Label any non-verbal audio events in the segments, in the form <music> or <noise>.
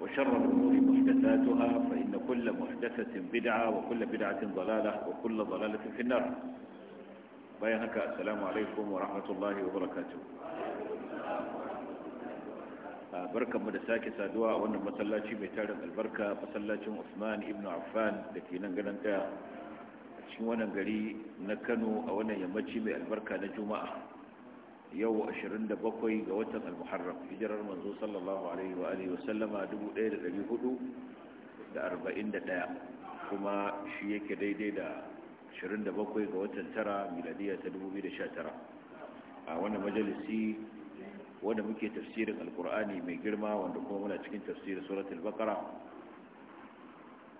وشر الأمور محدثاتها فإن كل محدثة بدعة وكل بدعة ضلالة وكل ضلالة في النار بيانك السلام عليكم ورحمة الله وبركاته barkan mu da sake saduwa a wannan masallaci mai tarin albarka masallacin Usman ibn Affan da ke nan ganin kaya a cikin wannan gari na Kano a wannan yammaci mai albarka na Juma'a yau 27 ga watan al-muharram hijirar manzo sallallahu alaihi wa alihi wasallama 1441 kuma shi yake daidai da 27 ga watan tara miladiya ta 2019 a wannan majalisi wanda muke tafsirin alkur'ani mai girma wanda kuma muna cikin tafsirin suratul baqara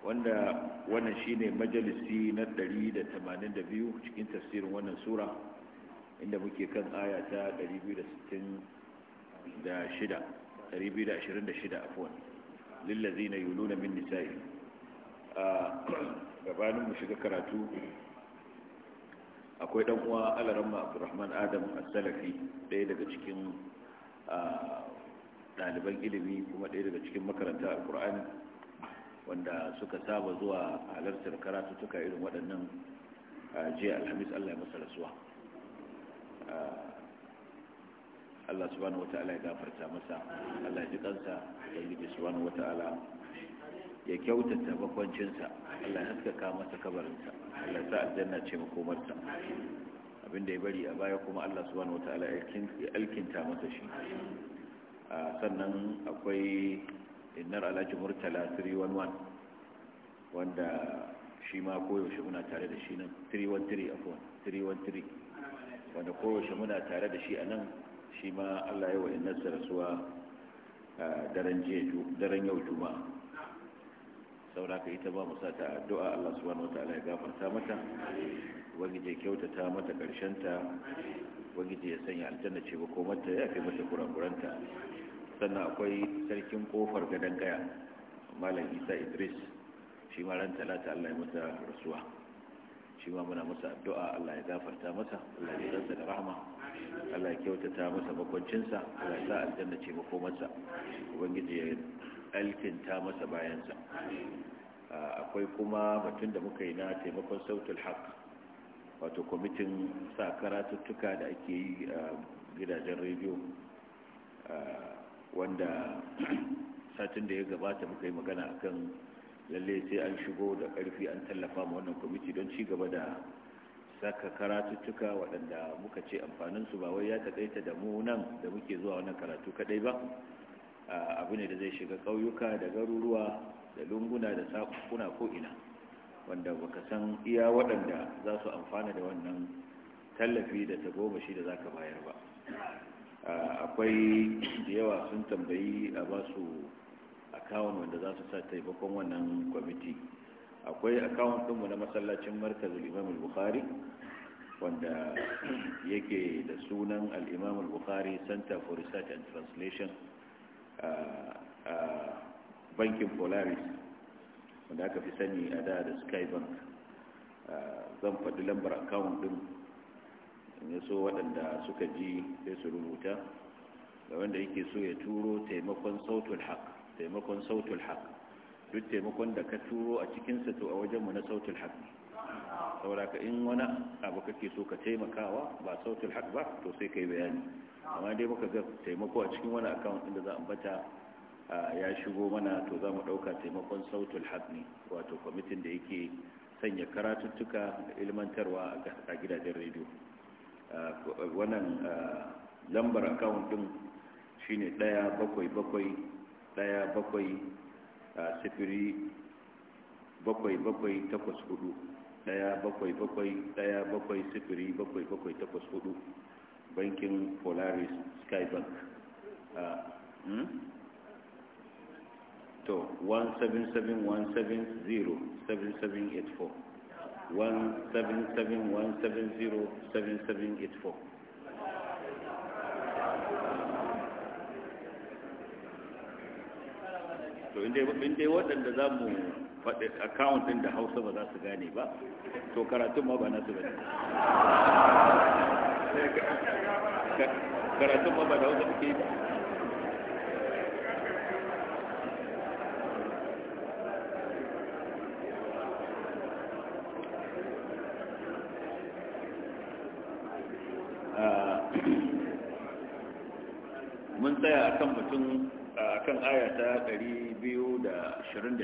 wanda wannan shine majalisi na 182 cikin tafsirin wannan sura inda muke kan aya ta 266 na afwan lillazina yuluna min nisa'i a gabanin mu shiga karatu akwai dan uwa Alaramma Abdulrahman Adam a salafi ɗaya daga cikin ɗaliban ilimi kuma ɗaya daga cikin makaranta al ƙurani wanda suka saba zuwa halartar karatu tuka irin waɗannan jiya Alhamis Allah ya masa rasuwa Allah subhanahu ta'ala ya gafarta masa Allah ya ji kansa ubangiji subhanahu ta'ala ya kyautata bakwancinsa Allah ya haskaka masa kabarinsa Allah ya sa aljanna ce makomarsa abinda ya bari a baya kuma Allah subhanahu ta'ala ya alkinta masa shi sannan akwai innar alhaji murtala 311 wanda shi ma koyaushe muna tare da shi nan 313 313 wanda kowace muna tare da shi a nan shi ma allah ya wa'in nasa rasuwa daren yau juma'a Saura ka ita ba mu sa ta addu'a allah wata ala ya gafarta mata ubangiji ya kyautata mata karshen ta ubangiji ya sanya aljanna ce ba ko mata ya fi mata kurakuranta sannan akwai sarkin kofar gadon gaya malam isa idris shi ma ran talata allah ya mata rasuwa shi ma muna masa addu'a Allah ya gafarta masa Allah ya rasa da rahama Allah ya kyautata masa makwancinsa Allah ya sa aljanna ce masa ubangiji ya alkinta masa bayansa akwai kuma batun da muka yi na taimakon sautul haq wato kwamitin sa karatuttuka da ake yi a gidajen rediyo wanda satin da ya gabata muka yi magana akan lalle sai an shigo da karfi an tallafa ma wannan kwamiti don ci gaba da saka karatuttuka waɗanda muka ce amfaninsu ba wai ya taƙaita da mu nan da muke zuwa wannan karatu kaɗai ba abu ne da zai shiga ƙauyuka da garuruwa da lunguna da sakuna ina wanda baka san iya waɗanda za su amfana da wannan tallafi da tagomashi da za ka bayar ba akwai da yawa sun tambayi a ba su akawun wanda za su sa taimakon wannan kwamiti akwai akawun ɗinmu na masallacin markazin imam bukhari wanda yake da sunan al'imamul bukhari center for research and translation a bankin polaris wanda aka fi sani a da da sky bank zan faɗi lambar akawun ɗin in so waɗanda suka ji sai su rubuta da wanda yake so ya turo taimakon sautul haka. taimakon sautul haq duk taimakon da ka turo a cikinsa to a wajenmu na sautul haq saboda in wani abu kake so ka taimakawa ba sautul haq ba to sai ka yi bayani amma dai muka ga taimako a cikin wani account inda za a bata ya shigo mana to za mu ɗauka taimakon sautul haq ne wato kwamitin da yake sanya karatuttuka da ilmantarwa a gidajen rediyo wannan lambar account ɗin shine ɗaya bakwai bakwai daya bakwai sifiri bakwai bakwai takwas hudu daya bakwai bakwai daya bakwai sifiri bakwai bakwai takwas hudu bankin polaris skybank hmm? to 170 1771707784 to inda waɗanda za mu faɗi account ɗin da hausa ba za su gane ba to karatun ma ba su gane karatun ma ba da hausa muke yi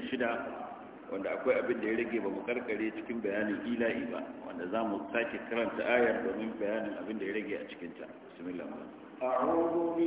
shida wanda akwai abin da ya rage ba mu karkare cikin bayanin ila'i ba wanda za mu sake karanta ayar domin bayanin abin da ya rage a cikinta bismillah أعوذ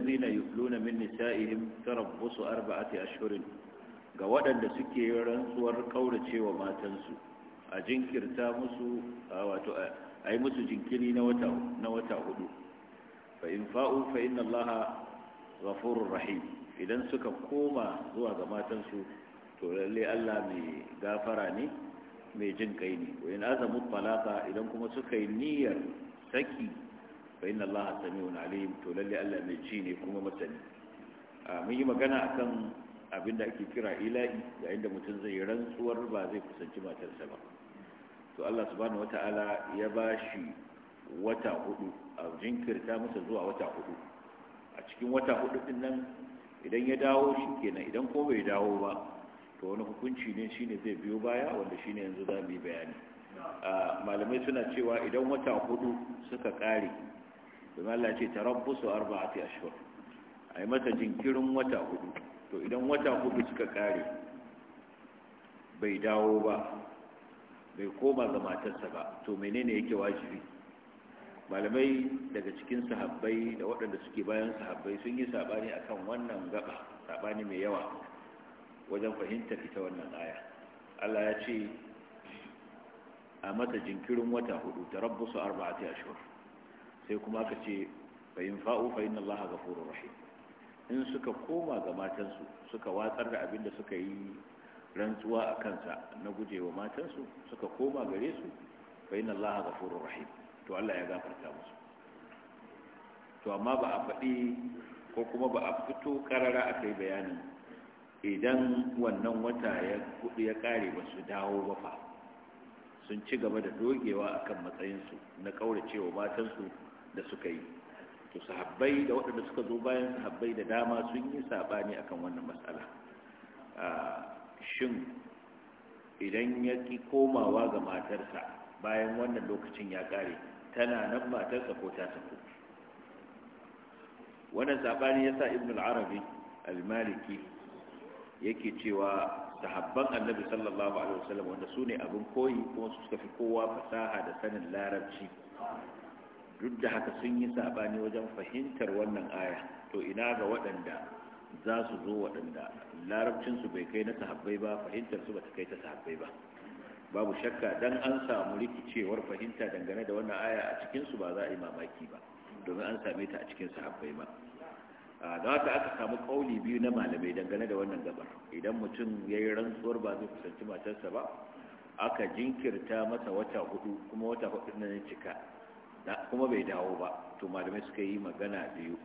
والذين يفلون من نسائهم تربص أربعة أشهر ga waɗanda suke rantsuwar ƙaurace wa matansu a jinkirta musu wato a yi musu jinkiri na wata hudu fa in fa'u fa inna allaha ghafurur rahim idan suka koma zuwa ga matansu to lallai Allah mai gafara ne mai jin kai ne wa in azamu idan kuma suka yi niyyar saki فإن الله سميع عليم alim to Allah mai ci ne kuma masani mun yi magana akan abin da ake kira ilahi yayin da mutum zai yi rantsuwar ba zai kusanci matarsa ba to Allah subhanahu wata'ala ya bashi wata hudu a jinkirta masa zuwa wata hudu a cikin wata hudu din nan idan ya dawo shikenan kenan idan ko bai dawo ba to wani hukunci ne shine zai biyo baya wanda shine yanzu za mu yi bayani malamai suna cewa idan wata hudu suka kare domin Allah ce ta su tarabbusu arba'ati a yi mata jinkirin wata hudu to idan wata hudu suka kare bai dawo ba bai koma ga matarsa ba to menene yake wajibi malamai daga cikin sahabbai da waɗanda suke bayan sahabbai sun yi sabani akan wannan gaba sabani mai yawa wajen fahimtar ita wannan aya Allah ya ce a mata jinkirin wata hudu tarabbusu arba'ati ashhur sai kuma aka ce bayin in fa'u fa inna allaha ghafurur in suka koma ga matansu suka watsar da abin da suka yi rantsuwa a kansa na gujewa matansu suka koma gare su fa inna ga furu rahi to Allah ya gafarta musu to amma ba a faɗi ko kuma ba a fito karara a kai bayanin idan wannan wata ya kudu ya kare ba su dawo ba fa sun ci gaba da dogewa akan matsayinsu na kauracewa matansu da suka yi to sahabbai da waɗanda suka zo bayan sahabbai da dama sun yi saɓani akan wannan matsala shin idan ya ki komawa ga matarsa bayan wannan lokacin ya ƙare tana nan matarsa ko ta sako wannan saɓani ya sa ibn al-arabi al-maliki yake cewa sahabban annabi sallallahu alaihi wasallam wanda su ne abin koyi kuma su suka fi kowa fasaha da sanin larabci duk da haka sun yi sabani wajen fahimtar wannan aya to ina ga waɗanda za su zo waɗanda larabcinsu bai kai na sahabbai ba fahimtar su ba ta kai ta sahabbai ba babu shakka dan an samu rikicewar fahimta dangane da wannan aya a cikinsu ba za a yi mamaki ba domin an same ta a cikin sahabbai ba da haka aka samu kauli biyu na malamai dangane da wannan gabar idan mutum ya yi rantsuwar ba zai kusanci matarsa ba aka jinkirta masa wata hudu kuma wata hudu na cika kuma bai dawo ba to malamai suka yi magana biyu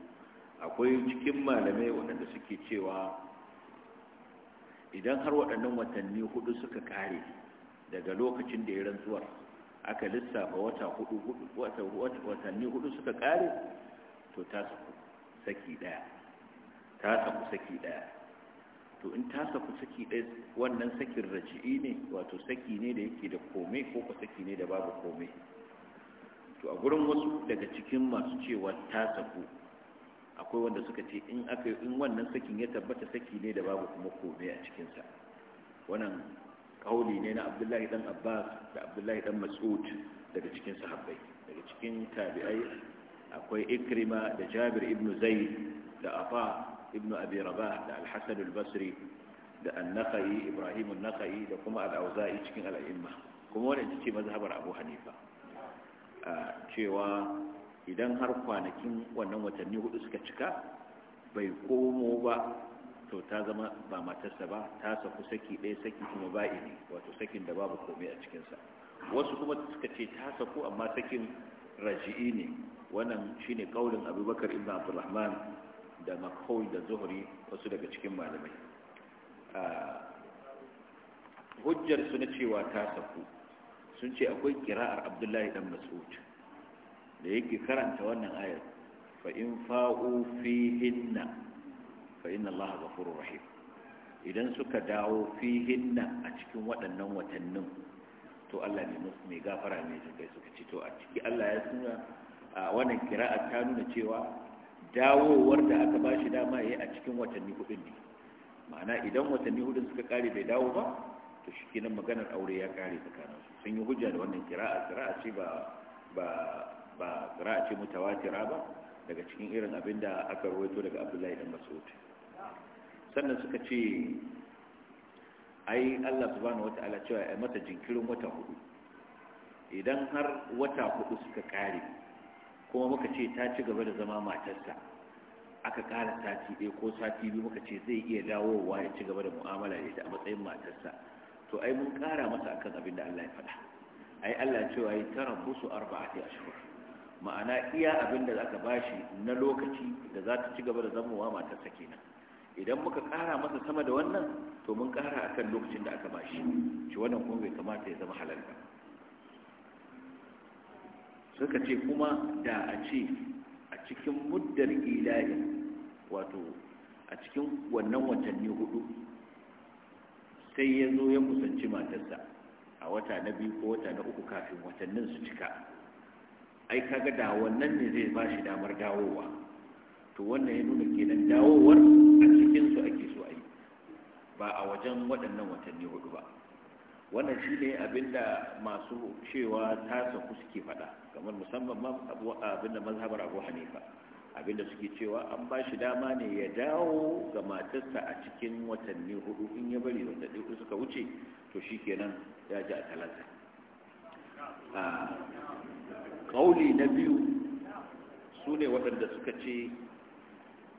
akwai cikin malamai waɗanda suke cewa idan har waɗannan watanni hudu suka kare daga lokacin da ya rantsuwar aka lissafa wata hudu watanni hudu suka kare to ta saku saki daya ta saku saki daya to in ta saku saki daya wannan sakin raji'i ne wato saki ne da yake da komai ko ka saki ne da babu komai. to a gurin wasu daga cikin masu cewa ta saku akwai wanda suka ce in aka in wannan sakin ya tabbata saki ne da babu kuma komai a cikinsa wannan kauli ne na abdullahi dan abbas da abdullahi dan mas'ud daga cikin sahabbai daga cikin tabi'ai akwai ikrima da jabir Ibn zaid da afa Ibn abi rabah da al-hasan al-basri da an-nakhai ibrahim an-nakhai da kuma al-auza'i cikin al imma kuma wannan ce mazhabar abu hanifa cewa idan har kwanakin wannan watanni hudu suka cika bai komo ba to ta zama ba matarsa ba ta saku saki ɗaya saki kuma ba ne wato sakin da babu komai a cikinsa wasu kuma suka ce ta saku amma sakin raji'i ne wannan shi ne ƙaunin abubakar ibn abdurrahman da makhul da zuhri wasu daga cikin malamai hujjar na cewa ta saku sun ce akwai kira'ar abdullahi dan mas'ud da yake karanta wannan ayar fa in fa'u hinna, fa inna ga ghafurur rahim idan suka dawo fi hinna a cikin waɗannan watannin to Allah ne mai gafara ne kai suka ci. to a ciki Allah ya suna a wannan kiraar ta nuna cewa dawowar da aka ba shi dama yayi a cikin watanni hudun ne ma'ana idan watanni hudun suka kare bai dawo ba to shikenan maganar aure ya kare tsakaninsu sun yi hujja da wannan kira'a kira'a ce ba ba ba kira'a ce mutawatira ba daga cikin irin abin da aka rawaito daga abdullahi dan mas'ud sannan suka ce ai Allah subhanahu wataala cewa ai mata jinkirin wata hudu idan har wata hudu suka kare kuma muka ce ta ci gaba da zama matarsa aka kara sati ɗaya ko sati biyu muka ce zai iya dawowa ya ci gaba da mu'amala da ita a matsayin matarsa to ai mun kara masa akan abin da Allah ya faɗa ai Allah cewa yi tarabbusu arba'ati ashhur ma'ana iya abinda da zaka bashi na lokaci da za ta ci gaba da zamowa matar sa kenan idan muka kara masa sama da wannan to mun kara akan lokacin da aka bashi shi wannan kuma bai kamata ya zama halal ba suka ce kuma da a ce a cikin muddar ilahi wato a cikin wannan watanni hudu sai ya zo ya musanci matarsa a wata na biyu ko wata na uku kafin watannin su cika ai kaga da wannan ne zai ba shi damar dawowa to wannan ya nuna kenan dawowar a cikin su ake so ai ba a wajen waɗannan watanni hudu ba wannan shi ne abinda masu cewa tasa ku suke faɗa kamar musamman abinda mazhabar abu hanifa abinda suke cewa an ba shi dama ne ya dawo ga matarsa a cikin watanni hudu in ya bari watanni hudu suka wuce to shi kenan ya ji a talata ah, ƙauli na biyu su ne waɗanda suka ce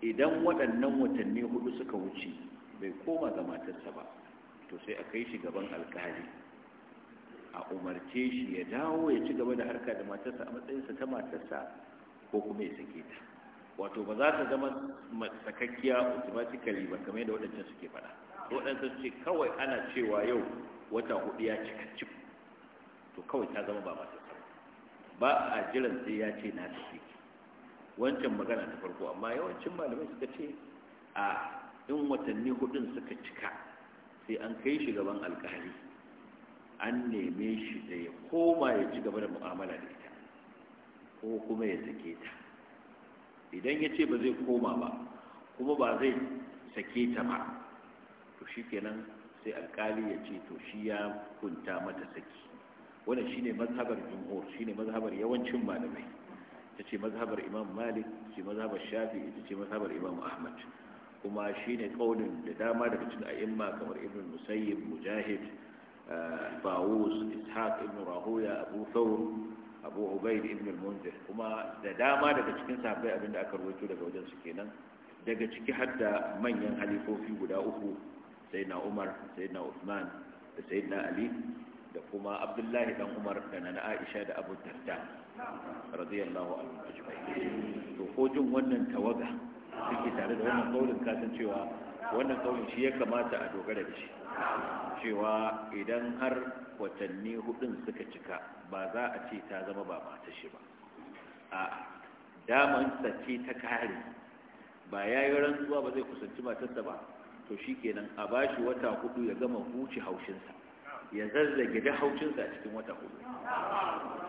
idan waɗannan watanni hudu suka wuce bai koma ga matarsa ba to sai a kai shi gaban alkali a umarce shi ya dawo ya ci gaba da harka da matarsa a matsayinsa ta matarsa ko kuma ya sake ta wato ba za ta zama matsakakkiya automatically ba kamar yadda waɗancan suke faɗa waɗancan ce kawai ana cewa yau wata hudu ya cika cik to kawai ta zama ba masu ba a jiran sai ya ce na tafi wancan magana ta farko amma yawancin malamai suka ce a in watanni hudun suka cika sai an kai shi gaban alkali an neme shi da ya koma ya ci gaba da mu'amala da ita ko kuma ya sake ta idan ya ce ba zai koma ba kuma ba zai sake ta ba to shi kenan sai alkali ya ce to shi ya kunta mata saki wannan shine mazhabar jumhur ne mazhabar yawancin malamai ita ce mazhabar imam malik ce mazhabar shafi ita ce mazhabar imam ahmad kuma shi ne kaunin da dama daga cikin a'imma kamar ibn musayyib mujahid eh, bawus ishaq ibn rahuya abu thawr abu ubaid ibn al-munzir kuma da dama daga cikin sahabbai abinda aka rawaito daga wajen su kenan daga ciki har da manyan halifofi guda uku sayyidina umar sayyidina usman da sayyidina ali da kuma abdullahi dan umar da nana aisha da abu darda radiyallahu anhu ajma'in to ko jin wannan tawaga suke tare da wannan kaulin kasancewa wannan kawai shi ya kamata a dogara da shi cewa idan har watanni hudun suka cika ba za a ce ta zama ba mata shi ba a daman sace ta kare ba ya yi rantsuwa ba zai kusanci matarsa ba to shi kenan a ba shi wata hudu ya gama huce haushinsa ya zazzage da haushinsa a cikin wata hudu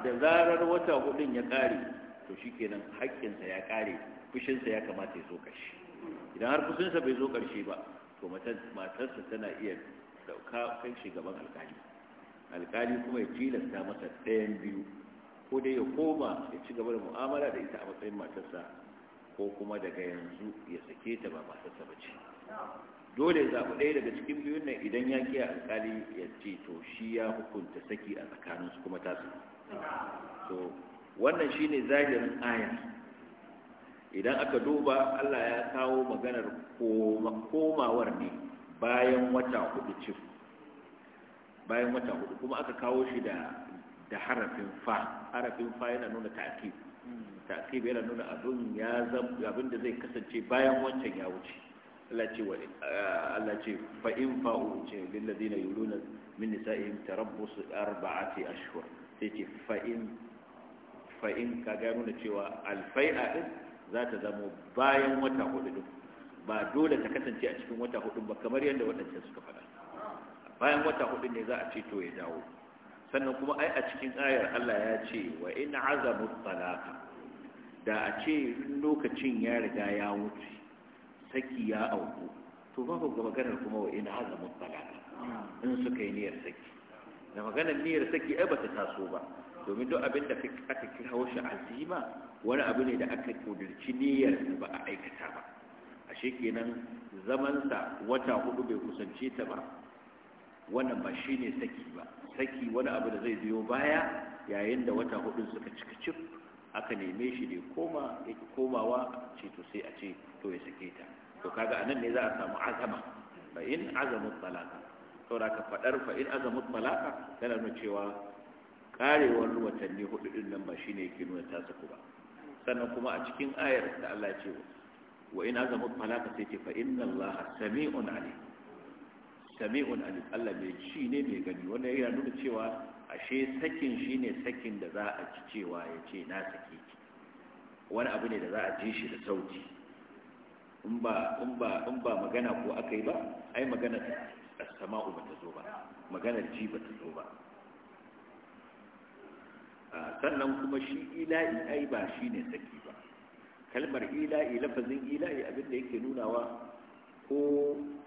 da zarar wata hudun ya kare to shi kenan haƙƙinsa ya kare fushinsa ya kamata ya zo kashi idan har kusinsa bai zo ƙarshe ba to matarsa tana iya dauka kan gaban alkali alkali kuma ya tilasta masa ɗayan biyu ko dai ya koma ya ci gaba da mu'amala da ita a matsayin matarsa ko kuma daga yanzu ya sake ta ba matarsa ba ce dole ya zaɓi ɗaya daga cikin biyun nan idan ya kiya alkali ya ce to shi ya hukunta saki a tsakaninsu kuma tasu to wannan shine zahirin aya idan aka duba Allah ya kawo maganar komawar ne bayan wata hudu cif bayan wata hudu kuma aka kawo shi da da harafin fa harafin fa yana nuna ta'kid ta'kid yana nuna abin ya abin da zai kasance bayan wancan ya wuce Allah ce Allah ce fa in yi ce lil ladina yuluna min nisa'ihim tarabbus arba'ati ashhur sai ce fa in fa in ka ga nuna cewa a din za ta zamo bayan wata hudu ba dole ta kasance a cikin wata hudu ba kamar yadda waɗancan suka faɗa bayan wata hudu ne za a ce to ya dawo sannan kuma ai a cikin ayar Allah ya ce wa in azamu talaka da a ce lokacin ya riga ya wuce saki ya auku to babu ga maganar kuma wa in azamu talaka in suka yi niyyar saki da maganar niyyar saki ai bata taso ba domin duk abin da aka kira shi azima wani abu ne da aka kudirci niyyar ba a aikata ba a shekenan zamansa wata hudu bai kusance ta ba wannan ba shi ne saki ba saki wani abu da zai biyo baya yayin da wata hudun suka cika cif aka neme shi ne koma ya komawa ce to sai a ce to ya sake ta to kaga nan ne za a samu azama fa in azamu talaka saboda ka fadar fa in azamu talaka tana nuna cewa karewar watanni hudu din nan ba shine yake nuna ta saku ba sannan kuma a cikin ayar da Allah ce wa in azamu falaka sai ce fa inna Allah sami'un alim sami'un alim Allah mai ci ne mai gani wannan yana nuna cewa ashe sakin shine sakin da za a ci cewa ya ce na saki wani abu ne da za a ji shi da sauti in ba in ba in ba magana ko akai ba ai magana as-sama'u bata zo ba maganar ji bata zo ba sannan kuma shi ila'i ai ba shi ne saki ba kalmar ila'i lafazin ila'i abinda yake nunawa ko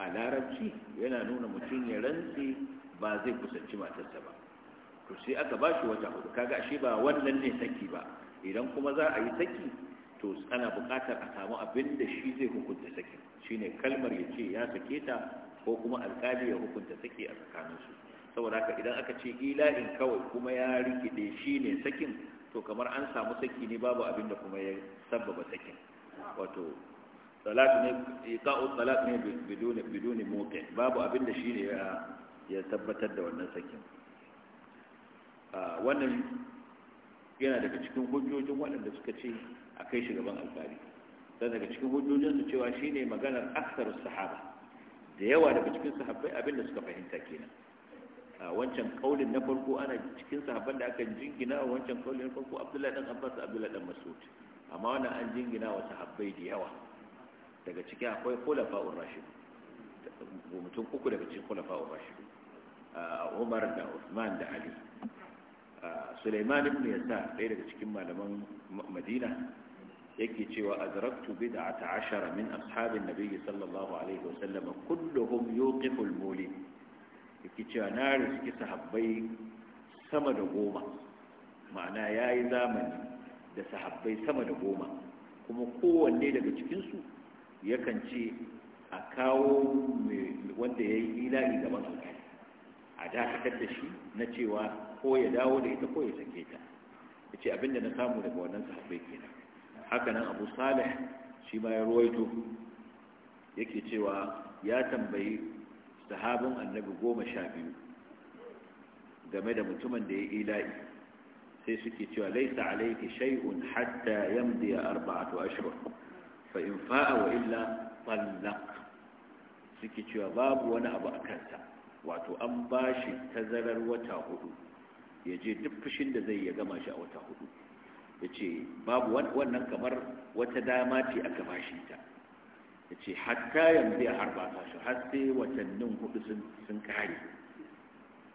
a larabci yana nuna mutum ya rantse ba zai kusanci matarsa ba to sai aka ba shi wata hudu kaga shi ba wannan ne saki ba idan kuma za a yi saki to ana bukatar a samu abinda shi zai hukunta saki shine kalmar ya ce ya sake ta ko kuma alƙali ya hukunta saki a tsakaninsu saboda haka idan aka ce ila'in kawai kuma ya rikide shi ne sakin to kamar an samu saki ne babu abin da kuma ya sabbaba sakin wato salatu ne iqa'u salat ne biduni biduni muqin babu abin da shine ya ya tabbatar da wannan sakin wannan yana daga cikin hujjojin waɗanda suka ce a kai shi gaban alkali dan daga cikin hujjojin su cewa shine maganar aksarus sahaba da yawa daga cikin sahabbai abin da suka fahimta kenan wancan kaulin na farko ana cikin sahabban da aka jingina wancan kaulin na farko abdullahi dan abbas abdullahi dan mas'ud amma wannan an jingina wa sahabbai da yawa daga ciki akwai khulafa'ur rashid mutum uku daga cikin khulafa'ur A Umar da Usman da Ali suleiman ibn yasa ɗaya daga cikin malaman Madina yake cewa azraktu bid'ata ashara min ashabin nabiyyi sallallahu alaihi wasallam kulluhum yuqifu al-mulid yake cewa na riski sahabbai sama da goma ma'ana ya yi zamani da sahabbai sama da goma kuma kowanne daga cikinsu yakan ce a kawo wanda ya yi ila'i gaban su a dakatar da shi na cewa ko ya dawo da ita ko ya sake ta ya ce abinda na samu daga wannan sahabbai kenan haka nan abu salih shi ma ya ruwaito yake cewa ya tambayi sahabin annabi goma sha biyu game da mutumin da ya ila'i sai suke cewa laisa alaiki shay'un hatta yamdi arba'atu ashhur fa in fa'a wa illa talaq suke cewa babu wani abu a kansa wato an bashi tazarar wata hudu ya je duk fushin da zai ya gama shi a wata hudu ya ce babu wannan kamar wata dama ce aka bashi ta Yace ce hatta yanzu ya harba ta shi har sai watannin hudu sun kare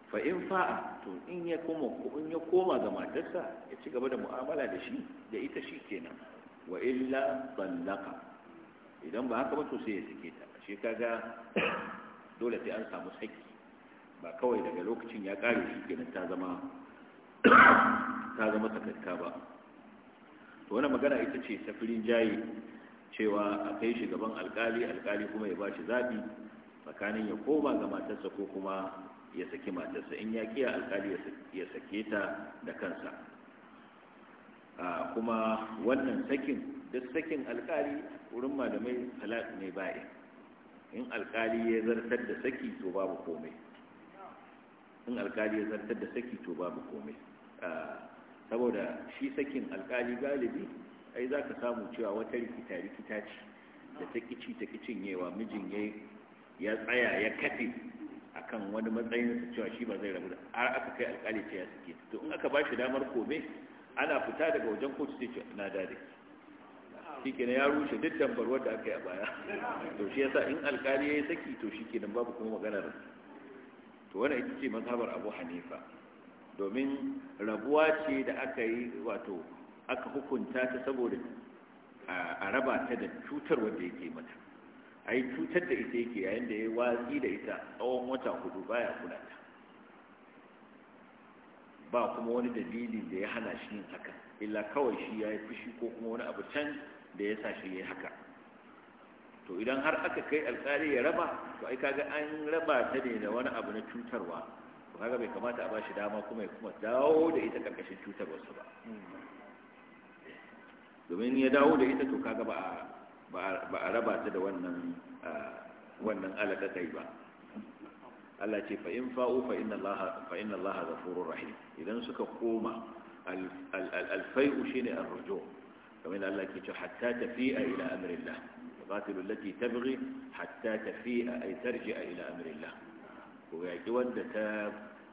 fa in fa'a to in ya koma in ya ga matarsa ya ci gaba da mu'amala da shi da ita shi kenan wa illa tallaka idan ba haka ba to sai ya sake ta shi kaga dole sai an samu saki ba kawai daga lokacin ya kare shi kenan ta zama ta zama ba to wannan magana ita ce safirin jayi cewa a kai shi gaban alkali alkali kuma ya ba shi zaɓi tsakanin ya koma ga matarsa ko kuma ya saki matarsa in ya kiya alkali ya sake ta da kansa kuma wannan sakin duk sakin alkali wurin malamai halak ne baya in alkali ya zartar da saki to babu komai in alkali ya zartar da saki to babu komai saboda shi sakin alkali galibi ai za ka samu cewa wata rikita rikita ce da ta kici ta kicin yawa mijin ya tsaya ya kafe kan wani matsayin su cewa shi ba zai rabu da har aka kai alkali ce ya suke to in aka ba shi damar kome ana fita daga wajen kotu sai ce na dare shi kenan ya rushe duk tambarwar da aka yi a baya to shi yasa in alkali ya yi saki to shi kenan babu kuma maganar to wani ita ce mazhabar abu hanifa domin rabuwa ce da aka yi wato aka hukunta ta saboda a raba ta da cutar wanda yake mata a yi cutar da ita yake yayin da ya watsi da ita tsawon wata hudu baya kula ta ba kuma wani dalili da ya hana shi yin haka illa kawai shi ya yi fushi ko kuma wani abu can da ya sa shi ya yi haka to idan har aka kai alkali ya raba to ai kaga an raba ta ne da wani abu na cutarwa to kaga bai kamata a ba shi dama kuma ya kuma dawo da ita karkashin cutarwarsa ba domin ya dawo da ita to kaga ba ba a raba ta da wannan wannan alaka kai ba Allah ce fa in fa'u fa inna Allah fa inna Allah ghafurur rahim idan suka koma al-fai'u al shine ar-ruju kamar Allah ke ce hatta tafi'a ila amrillah qatilu allati tabghi hatta tafi'a ay tarji'a ila amrillah ko ya ki wanda ta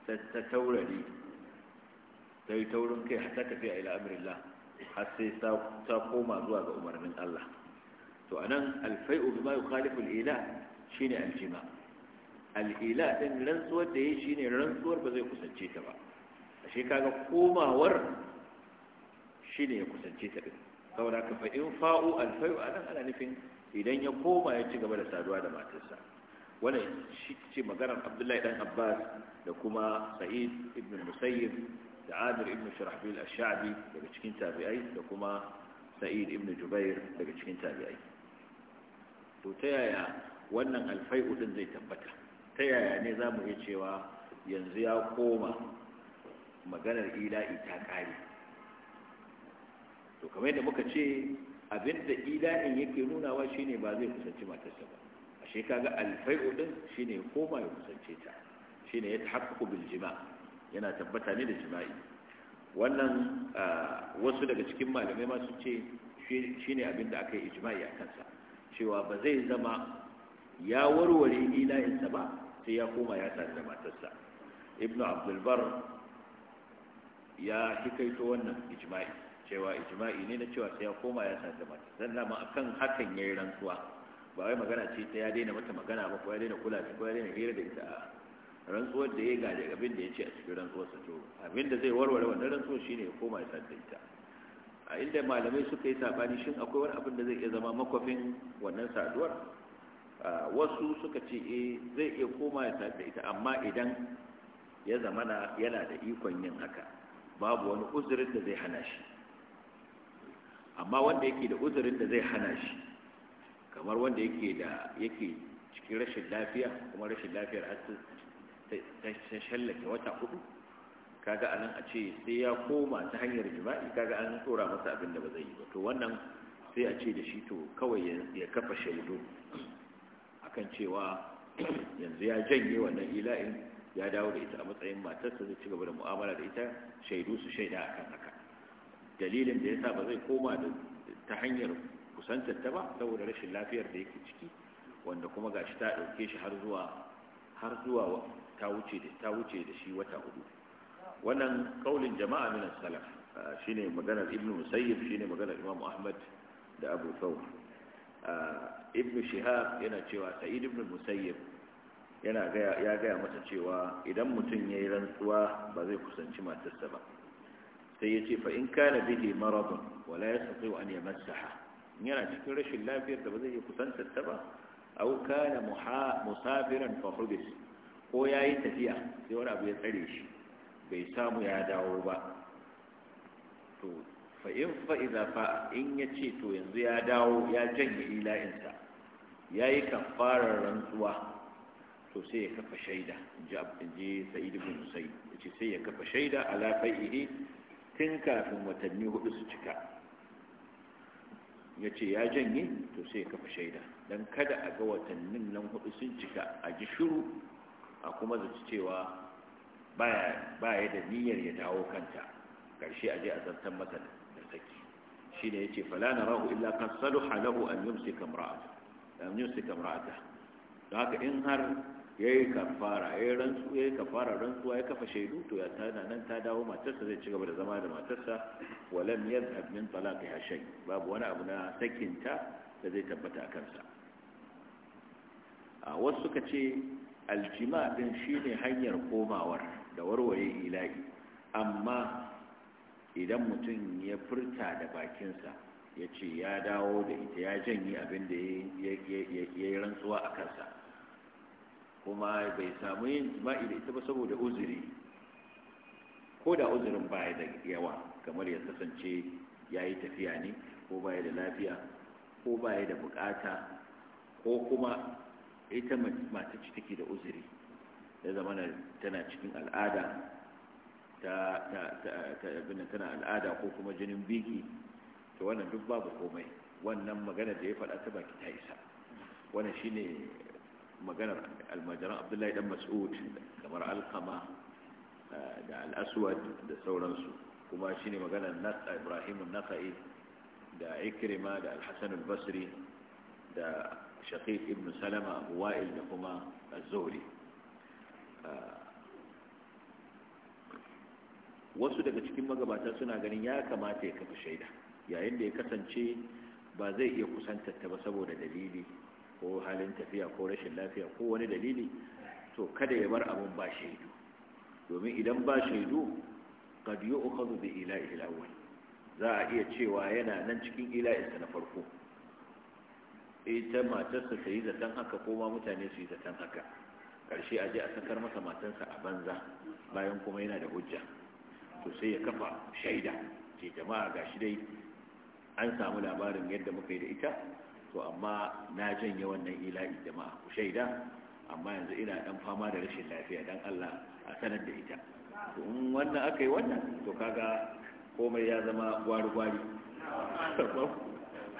ta taurari sai taurin kai hatta tafi'a ila amrillah har sai ta koma zuwa ga umarnin Allah to anan alfai'u bima yukhalifu al-ila shine aljima al-ila din rantsuwar da yayi shine rantsuwar ba zai kusance ta ba ashe kaga komawar shine ya kusance ta din saboda ka fa in fa'u alfai'u anan ana nufin idan ya koma ya ci gaba da saduwa da matarsa wannan shi ce maganar Abdullahi dan Abbas da kuma Sa'id ibn Musayyib da amir ibn shirahbil ash-sha'bi daga cikin tabi'ai da kuma sa'id ibn jubair daga cikin tabi'ai to ta yaya wannan alfai'u din zai tabbata ta yaya ne za mu iya cewa yanzu ya koma maganar ila'i ta kare to kamar yadda muka ce abinda ila'in yake nuna nunawa shine ba zai kusanci matarsa ba ashe kaga alfai'u din shine koma ya kusance ta shine ya tahaqqiqu bil jima' yana tabbata ne da jima'i wannan wasu daga cikin malamai ma sun ce shi ne abin da aka yi ijma'i a kansa cewa ba zai zama ya warware ila'insa ba sai ya koma ya sadu da matarsa ibn abdulbar ya hikaito wannan ijma'i cewa ijma'i ne na cewa sai ya koma ya sadu da matarsa sannan a kan hakan ya yi rantsuwa ba wai magana ce ta ya daina mata magana ba ko ya daina kula ko ya daina hira da ita rantsuwar da ya ga abin da ya ce a cikin rantsuwar sa to abin da zai warware wannan rantsuwar shine ya koma ya sadda a inda malamai suka yi sabani shin akwai wani abin da zai iya zama makwafin wannan saduwar wasu suka ce eh zai iya koma ya sadda ita amma idan ya zamana yana da ikon yin haka babu wani uzurin da zai hana shi amma wanda yake da uzurin da zai hana shi kamar wanda yake da yake cikin rashin lafiya kuma rashin lafiyar asusun. ta shallake wata hudu kaga anan a ce sai ya koma ta hanyar jima'i kaga an tsora masa abin da ba zai yi ba to wannan sai a ce da shi to kawai ya kafa shaidu akan cewa <clears throat> yanzu ya janye wannan ila'in ya dawo da ita a matsayin matarsa zai ci gaba da mu'amala da ita shaidu su shaida a kan haka dalilin da ya sa ba zai koma da ta hanyar kusantar ta ba saboda rashin lafiyar da yake ciki wanda kuma gashi ta ɗauke shi har zuwa har zuwa ta wuce da wuce da shi wata hudu wannan kaulin jama'a min salaf shine maganar ibn musayyib shine maganar imam ahmad da abu thawr ibn shihab yana cewa sa'id ibn musayyib yana ya gaya masa cewa idan mutum yayi rantsuwa ba zai kusanci matarsa ba sai ya ce fa in kana bihi maradun wala yastati an yamassaha yana cikin rashin lafiyar da ba zai iya kusantar ta ba aw kana musafiran fa ko ya yi tafiya sai wani abu ya tsare shi bai samu ya dawo ba to fa'in fa'iza fa in ya ce to yanzu ya dawo ya janye ila'insa ya yi kafarar rantsuwa to sai ya kafa shaida in ji sa'idu ibn sai ya ce sai ya kafa shaida lafai fai'ihi tun kafin watanni hudu su cika ya ce ya janye to sai ya kafa shaida don kada a ga watannin nan hudu sun cika a ji shuru. a kuma zaci cewa ba ya da niyyar ya dawo kanta karshe aje a zartan mata da saki shi ne ya ce fala na rahu illa kan saluha lahu an yumsika imra'ata Da haka in har ya yi kafara ya yi rantsu ya yi kafara rantsuwa ya kafa shaidu to ya tana nan ta dawo matarsa zai ci gaba da zama da matarsa walam yadhhab min talaqiha shay babu wani abu na sakinta da zai tabbata a kansa a wasu suka ce aljima din shine hanyar komawar da warware ilahi amma idan mutum ya furta da bakinsa ya ce ya dawo da ita ya janye abin da ya yi rantsuwa a kansa kuma bai samu yin jima'i da ita ba saboda uzuri ko da uzurin baya da yawa kamar ya kasance ya yi tafiya ne ko baya da lafiya ko baya da bukata ko kuma ita mata ci take da uzuri ya zama tana cikin al'ada ta abin tana al'ada ko kuma jinin biki to wannan duk babu komai wannan magana da ya faɗa ta baki ta isa wannan shine maganar almajiran abdullahi dan mas'ud kamar alkama eh, da al'aswad da sauransu kuma shine maganar nasa ibrahim naka'i da ikrima da alhassan Basri da شقيق ibn salama أبو وائل da kuma wasu daga cikin magabata suna ganin ya kamata ya kafa shaida yayin da ya kasance ba zai iya ta ba saboda dalili ko halin tafiya ko rashin lafiya ko wani dalili to kada ya bar abin ba shaidu domin idan ba shaidu kadiyo yu'khadhu bi ila'i al za a iya cewa yana nan cikin ila'insa na farko ita matarsa ta yi zaton haka ko ma mutane su yi zaton haka karshe a je a sakar masa matarsa a banza bayan kuma yana da hujja to sai ya kafa shaida ce jama'a ga shi dai an samu labarin yadda muka yi da ita to amma na janye wannan ila'i jama'a ku shaida amma yanzu ina dan fama da rashin lafiya dan Allah a sanar da ita to in wannan aka yi wannan to kaga komai ya zama gwari-gwari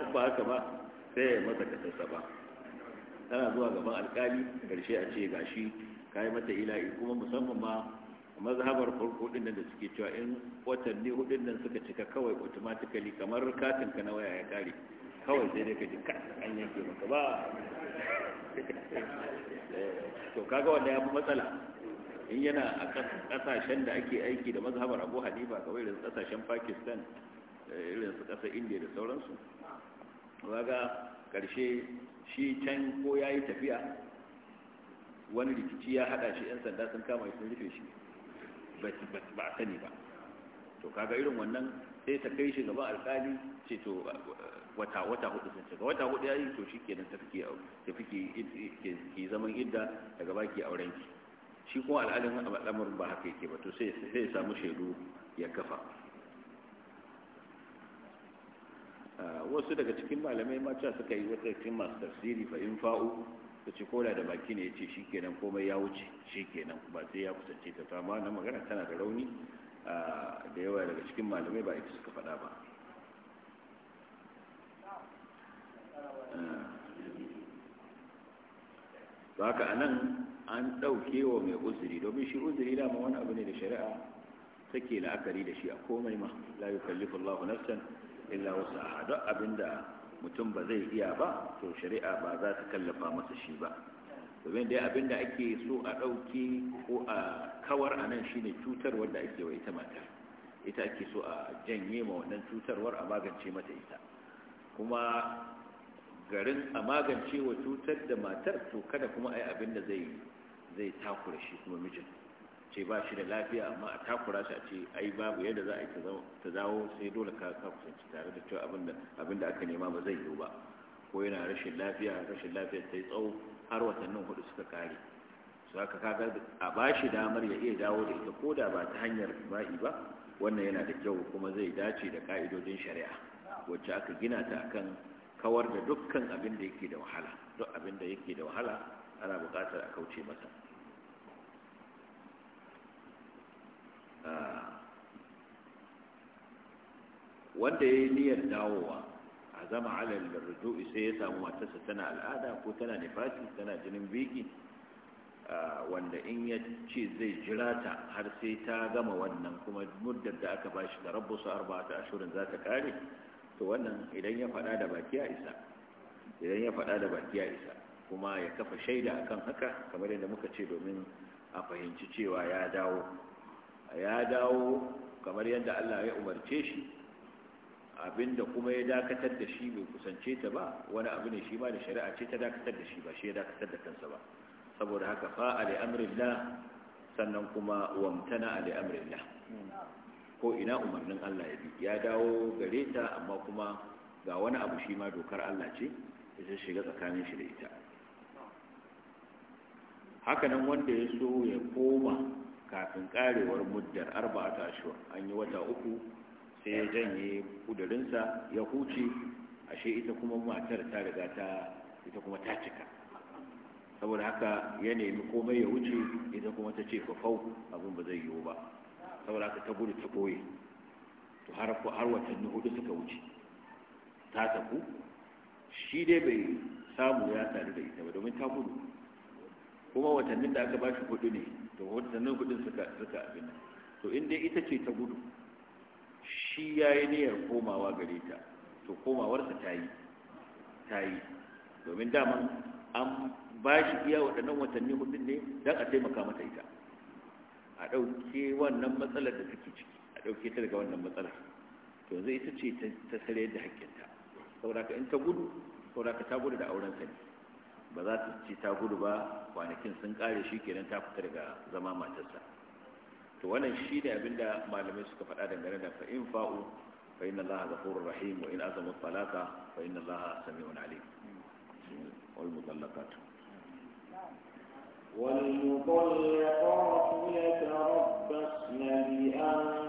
<laughs> ba haka ba sai ya masa kasarsa ba tana zuwa gaban alkali karshe a ce gashi yi mata ila'i kuma musamman ma mazhabar farko din da suke cewa in watanni hudun nan suka cika kawai automatically kamar katin ka na waya ya kare kawai sai dai ka ji ka an yanke maka ba to kaga wanda ya fi matsala in yana a kasashen da ake aiki da mazhabar abu hanifa kawai irin kasashen pakistan eh, irin su kasa india da sauransu waga ƙarshe shi can ko ya yi tafiya wani rikici ya haɗa shi 'yan sanda sun kama sun rufe shi ba a sani ba to kaga irin wannan sai ta kai shi gaba alƙali ce to uh, wata wata hudu sun ce wata hudu ya yi to shi kenan tafi ki zaman idda daga baki auren ki shi kuma al'adun al'amarin ba haka yake ba to sai ya samu shaidu ya kafa wasu daga cikin malamai ma cewa suka yi wata cikin masu tafsiri fa in fa'u ta ce kola da baki ne ya ce shi kenan komai ya wuce shi kenan ba sai ya kusance ta sama na magana tana da rauni da yawa daga cikin malamai ba ita suka fada ba ba ka anan an ɗauke wa mai uzuri domin shi uzuri dama wani abu ne da shari'a take la'akari da shi a komai ma la yukallifu Allahu nafsan illa wasu a abin abinda mutum ba zai iya ba to shari'a ba za ta kallafa masa shi ba domin dai abinda ake so a ɗauki ko a kawar a nan shine cutar wanda ake wa ita matar ita ake so a janye ma wannan cutarwar a magance mata ita kuma garin a magance wa cutar da matar to kada kuma a yi abinda zai zai takura shi kuma mijinta. ce ba shi da lafiya amma a takura shi a ce ai babu yadda za a yi ta zawo sai dole ka kusanci tare da cewa abin da aka nema ba zai yiwu ba ko yana rashin lafiya rashin lafiya ta yi tsawo har watannin hudu suka kare su haka kaga a ba shi damar ya iya dawo da ita ko da ba ta hanyar ma'i ba wannan yana da kyau kuma zai dace da ka'idojin shari'a wacce aka gina ta akan kawar da dukkan abin da yake da wahala duk abin da yake da wahala ana buƙatar a kauce masa Ah. wanda ya yi niyyar dawowa a zama alal rujui sai ya samu matarsa tana al'ada ko tana nifasi tana jinin biki ah, wanda in ya ce zai jira ta har sai ta gama wannan kuma muddar da aka bashi da rabu su arba ta ashirin za ta kare to wannan idan ya fada da baki a isa idan ya fada da baki ya isa kuma ya kafa shaida akan haka kamar yadda muka ce domin a fahimci cewa ya dawo ya dawo kamar yadda Allah ya umarce shi abinda kuma ya dakatar da shi bai kusance ta ba wani abu ne shi ma da shari'a ce ta dakatar da shi ba shi ya dakatar da kansa ba saboda haka fa'a da amrilla sannan kuma wamtana da amrilla ko ina umarnin Allah ya bi ya dawo gare ta amma kuma ga wani abu shi ma dokar Allah ce ya shiga tsakanin shi da ita hakanan wanda ya so ya koma kafin karewar muddar arba'ata ashur an yi wata uku sai ya janye kudurinsa ya huce ashe ita kuma matar ta riga ta ita kuma ta cika saboda haka ya nemi komai ya wuce ita kuma ta ce fafau abin ba zai yiwu ba saboda haka ta gudu ta koye to har har watanni hudu suka wuce ta tafi shi dai bai samu ya sadu da ita ba domin ta gudu kuma watannin da aka ba shi hudu ne to waɗannan kuɗin suka suka abin to in dai ita ce ta gudu shi yayi yi niyyar komawa gare ta to komawarsa ta yi tayi domin daman an ba shi iya waɗannan watanni hudu ne don a taimaka mata ita a ɗauke wannan matsalar da take ciki a ɗauke ta daga wannan matsalar to zai ita ce ta sare da haƙƙinta saboda ka in ta gudu saboda ka ta gudu da auren ne ba za ta ci ta gudu ba kwanakin sun kare shi kenan ta fita daga zama matarsa to wannan shi ne abinda malamai suka faɗa dangane da fa in fa'u fa inna allaha ghafurur rahim wa in azamu talaka fa inna allaha sami'un alim wal mutallaqat wal mutallaqat yatarabbasna bi an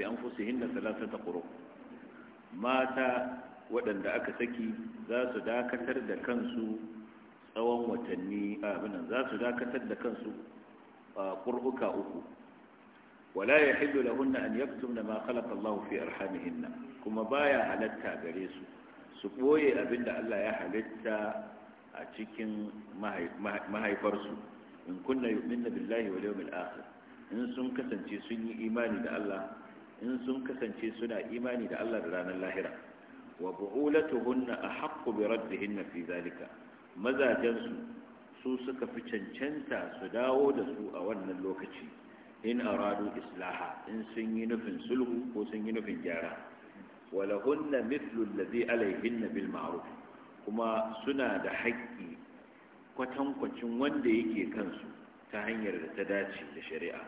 bi anfusihinna thalathata quru mata waɗanda aka saki za su dakatar da kansu tsawon watanni abinan dakatar da kansu ƙur'uka uku wala ya hillu lahunna an yaktumna ma khalaqa Allah fi arhamihinna kuma baya halatta gare su su boye abinda Allah ya halitta a cikin mahaifarsu in kunna yu'minna billahi wal yawmil in sun kasance sun yi imani da Allah in sun kasance suna imani da Allah da ranar lahira wa bu'ulatuhunna ahaqqu bi raddihinna fi zalika mazajan su su suka fi cancanta su dawo da su a wannan lokaci in aradu islaha in sun yi nufin sulhu ko sun yi nufin gyara walahunna mithlu allazi alaihinna bil ma'ruf kuma suna da haƙƙi kwatankwacin wanda yake kansu ta hanyar da ta dace da shari'a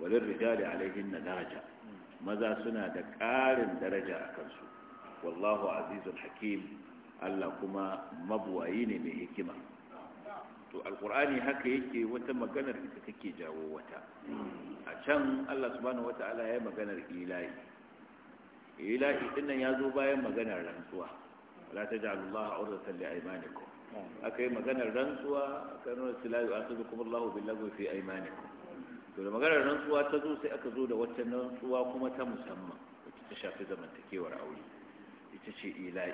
walin rijali na daraja maza suna da ƙarin daraja a kansu wallahu azizul hakim Allah kuma mabuwayi ne mai hikima to alkur'ani haka yake wata maganar ita take jawo wata a can Allah subhanahu wata'ala ya maganar ilahi ilahi dinnan ya zo bayan maganar rantsuwa la taj'alullaha urdatan li'aymanikum aka yi maganar rantsuwa aka nuna silayu asibukum Allahu billahi fi aymanikum to da maganar rantsuwa ta zo sai aka zo da wata rantsuwa kuma ta musamman wacce ta shafi zamantakewar aure ita ce ila'i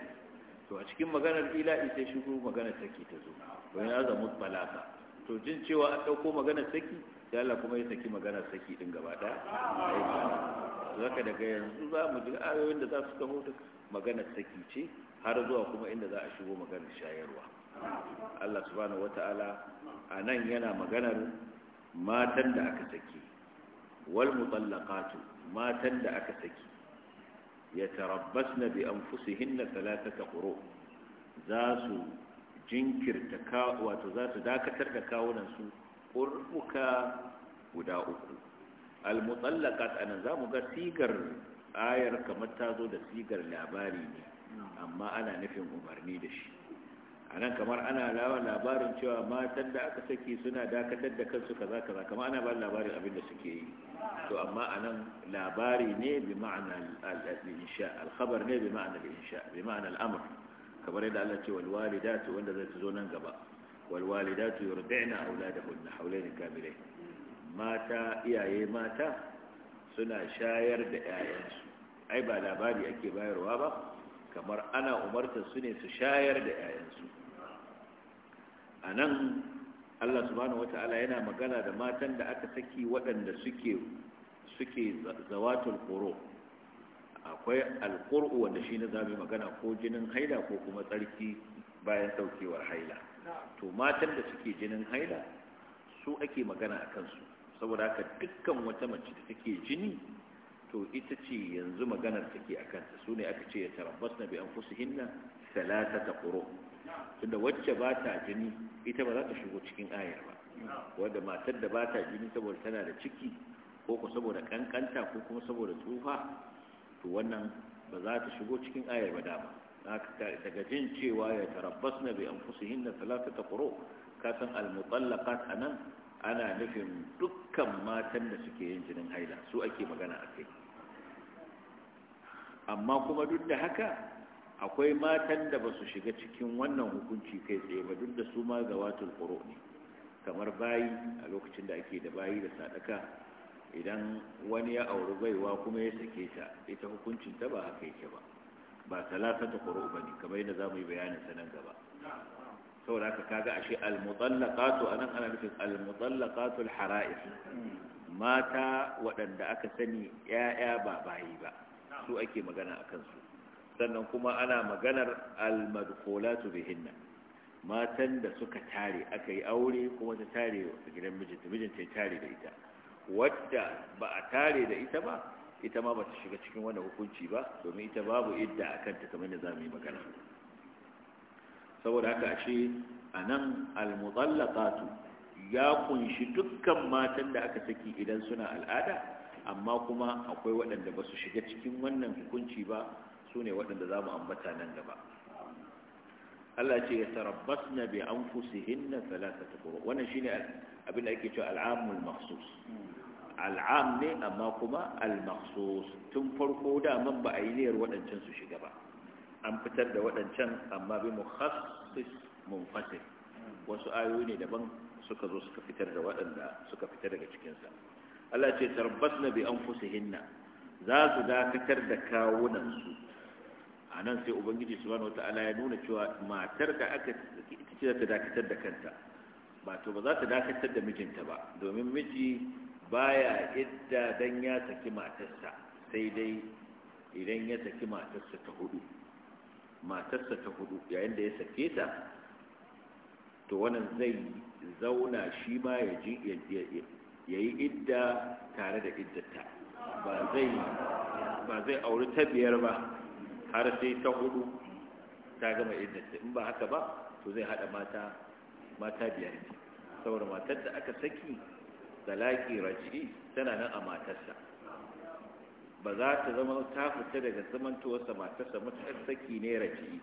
to a cikin maganar ila'i sai shigo maganar saki ta zo bayan ya zama balaka to jin cewa an ɗauko maganar saki sai Allah kuma ya saki maganar saki din gaba ɗaya zaka daga yanzu za mu ji ayoyin da za su taho ta maganar saki ce har zuwa kuma inda za a shigo maganar shayarwa Allah subhanahu wata'ala a nan yana maganar matan da aka saki wal mutallaqatu matan da aka saki yatarabbasna bi anfusihinna thalathata quru za su jinkirta ka wato za su dakatar da kawunan su qurbuka guda uku al mutallaqat anan za mu ga sigar ayar kamar ta zo da sigar labari ne amma ana nufin umarni da shi a nan kamar ana lawa labarin cewa matan da aka saki suna dakatar da kansu kaza kaza kama ana ba labarin abin da suke yi to amma a nan labari ne bi ma'ana al-insha al ne bi ma'ana al-insha bi ma'ana al-amr kamar yadda Allah ce wal walidatu wanda zai zo nan gaba na wal da yurdi'na auladahunna hawlayn kamilayn mata iyaye mata suna shayar da 'ya'yansu ai ba labari ake bayarwa ba kamar ana umartar su ne su shayar da 'ya'yansu a nan allah subhanahu Ta'ala yana magana da matan da aka saki waɗanda suke suke zawatul akwai alquru wanda shi na zamu magana ko jinin haila ko kuma tsarki bayan ɗaukewar haila to matan da suke jinin haila su ake magana a kansu saboda haka dukkan wata mace da take jini to ita ce yanzu maganar take a kanta su ne aka ce ya tarabbas na bi an fusu hinna talatata quru tunda wacce ba ta jini ita ba za ta shigo cikin ayar ba wadda matar da ba ta jini saboda tana da ciki ko ko saboda kankanta ko kuma saboda tsufa to wannan ba za ta shigo cikin ayar ba dama daga jin cewa ya tarabbas na bai amfusu hinna talata ta kuro kasan almutallaqat a nan ana nufin dukkan matan da suke yin jinin haila su ake magana a kai amma kuma duk da haka akwai matan da ba su shiga cikin wannan hukunci kai tsaye ba duk da su ma ga watul ne kamar bayi a lokacin da ake da bayi da sadaka idan wani ya auri baiwa kuma ya sake ta ita hukuncin ta ba haka yake ba ba talatata ba ne kamar yadda mu yi bayanin sanan gaba saboda haka kaga ashe al-mutallaqatu anan ana nufin al hara'is mata waɗanda aka sani ƴaƴa ba bayi ba su ake magana akan su sannan kuma ana maganar almadkolatu bihinna matan da suka tare aka yi aure kuma ta tare a gidan mijinta mijinta ya tare da ita wadda ba a tare da ita ba ita ma ba ta shiga cikin wannan hukunci ba domin ita babu idda a kanta kamar da za mu yi magana saboda haka ashe a nan almutallaqatu ya kunshi dukkan matan da aka saki idan suna al'ada amma kuma akwai waɗanda ba su shiga cikin wannan hukunci ba su ne waɗanda za mu ambata nan gaba Allah ce ya tarabbas na bi an fusi hinna talata ta kuro wannan shi ne abin da ake cewa al'amul maksus al'am ne amma kuma al-maksus tun farko daman ba a yi niyyar waɗancan su shiga ba an fitar da waɗancan amma bi mun munfasil wasu ayoyi ne daban suka zo suka fitar da waɗanda suka fitar daga cikinsa Allah ce tarbasna bi hinna za su dakatar da kawunansu a nan sai ubangiji subhanahu wata'ala ya nuna cewa matar da aka ce ta dakatar da kanta ba to ba za ta dakatar da mijinta ba domin miji baya idda dan ya saki matarsa sai dai idan ya saki matarsa ta hudu matarsa ta hudu yayin da ya sake ta to wannan zai zauna shi ma ya ji ya yi idda tare da iddata ba zai auri ta biyar ba har sai ta hudu ta gama iddata in ba haka ba to zai hada mata mata biyar ne saboda matar da aka saki talaki raji tana nan a matarsa ba za ta zama ta fita daga zamantowarsa matarsa matar saki ne raji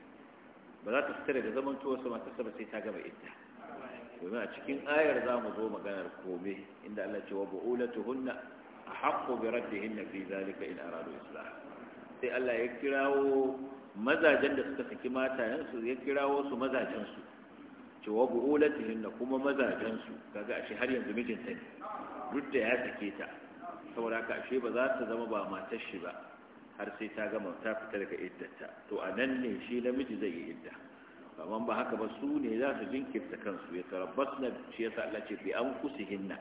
ba za ta fita daga zamantowarsa matarsa ba sai ta gama idda domin a cikin ayar za mu zo maganar kome inda Allah ce wa tuhunna bu'ulatuhunna ahqqu bi raddihinna fi zalika in aradu islah sai Allah ya kirawo mazajen da suka saki matayensu ya kirawo su mazajen su. ce wa bu'ulatihin da kuma mazajen mazajensu kaga ashe har yanzu mijinta ne duk da ya sake ta saboda ka ashe ba za ta zama ba matar shi ba har sai ta gama ta fita daga iddata to a nan ne shi namiji zai yi idda kamar ba haka ba su ne za su jinkirta kansu ya tarabbas na shi yasa Allah ce bi an hinna.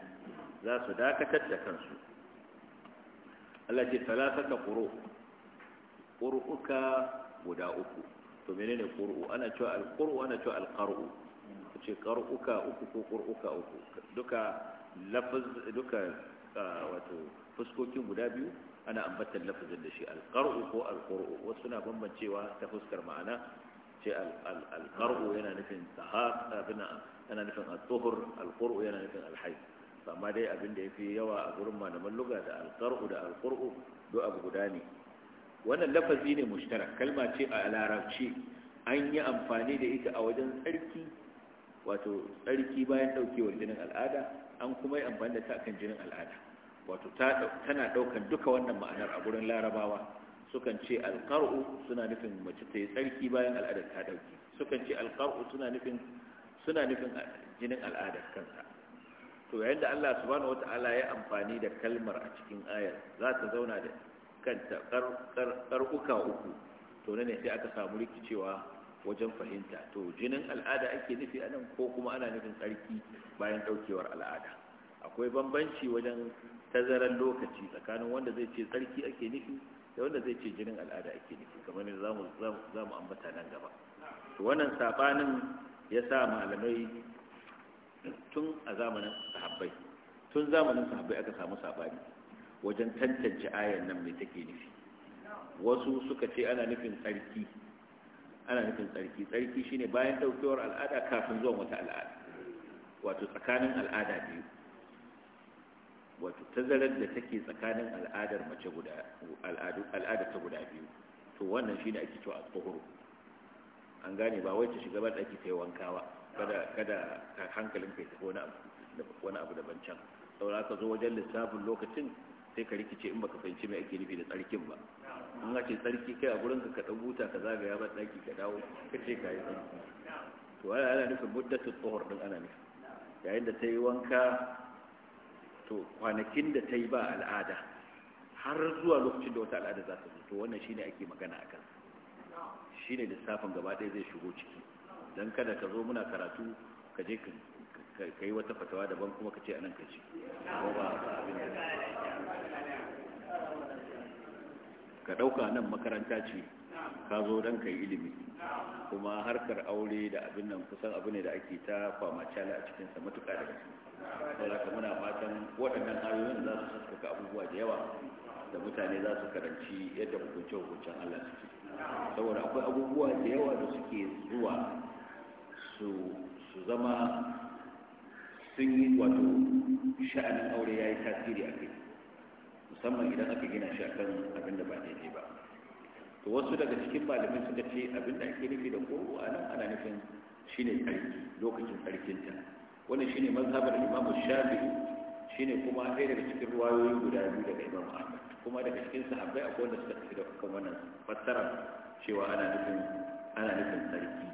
za su dakatar da kansu Allah ce talatata quru Ƙuru'uka guda uku to menene ƙur'u ana cewa alƙur'u ana cewa alƙar'u ku ce ƙar'uka uku ko ƙuru'uka uku duka lafaz duka wato fuskokin guda biyu ana ambatar lafazin da shi alƙar'u ko alƙur'u wasu na bambancewa ta fuskar ma'ana ce alƙaru'u yana nufin tahar yana nufin al-tuhur alƙur'u yana nufin alhai amma dai abin da ya fi yawa a gurin malaman luga da alƙaru'u da alƙur'u duk abu guda ne wannan lafazi ne mushtarak kalma ce a larabci an yi amfani da ita a wajen tsarki wato tsarki bayan daukewar jinin al'ada an kuma yi amfani da ta kan jinin al'ada wato tana daukan duka wannan ma'anar a gurin larabawa sukan ce alqar'u suna nufin mace ta yi tsarki bayan al'adar ta dauke sukan ce alqar'u suna nufin suna nufin jinin al'adar kansa to yayin da Allah subhanahu wataala ya amfani da kalmar a cikin ayar za ta zauna da kanta karkuka uku to ne sai aka samu rikicewa wajen fahimta to jinin al'ada ake nufi anan ko kuma ana nufin tsarki bayan daukewar al'ada akwai bambanci wajen tazaran lokaci tsakanin wanda zai ce tsarki ake nufi da wanda zai ce jinin al'ada ake nufi kamar ne za mu ambata nan gaba to wannan sabanin ya sa malamai tun a zamanin sahabbai tun zamanin sahabbai aka samu sabani wajen tantance ayan nan mai take nufi wasu suka ce ana nufin tsarki ana nufin tsarki tsarki shine bayan daukewar al'ada kafin zuwan wata al'ada wato tsakanin al'ada biyu wato tazarar da take tsakanin al'adar mace guda al'ada ta guda biyu to wannan shine ake cewa tsohuru an gane ba wai ta shiga ba ɗaki ta yi wanka ba kada kada hankalin kai ta wani abu wani abu daban can saboda ka zo wajen lissafin lokacin sai ka rikice in baka fahimci mai ake nufi da tsarkin ba in ga ce tsarki kai a gurin ka kaɗan buta ka zagaya ba ɗaki ka dawo ka ce ka yi tsarki to ana ana nufin muddatul tsohor ɗin ana nufi yayin da ta yi wanka to kwanakin da ta yi ba al'ada har zuwa lokacin da wata al'ada za ta zo to wannan shine ake magana a kan shine lissafin gaba ɗaya zai shigo ciki dan kada ka zo muna karatu ka je ka ka yi wata fatawa daban kuma ka ce a nan ka ce ka ɗauka nan makaranta ce ka zo don ka yi ilimi kuma harkar aure da abin nan kusan abu ne da ake ta kwamacala a cikinsa matuƙa da gaske saboda ka muna matan waɗannan ayoyin za su sassaka abubuwa da yawa da mutane za su karanci yadda hukunce-hukuncen Allah suke saboda akwai abubuwa da yawa da suke zuwa su zama sun yi wato sha'anin aure ya yi tasiri a kai musamman idan aka gina shi kan abin da ba daidai ba to wasu daga cikin malamin suka ce abin da ake nufi da kowa a nan ana nufin shine tsarki lokacin tsarkinta shi shine mazhabar imamu shi shine kuma ɗaya daga cikin ruwayoyi guda biyu daga imam ahmad kuma daga cikin sahabbai akwai wanda suka tafi da kan wannan fassara cewa ana nufin ana nufin tsarki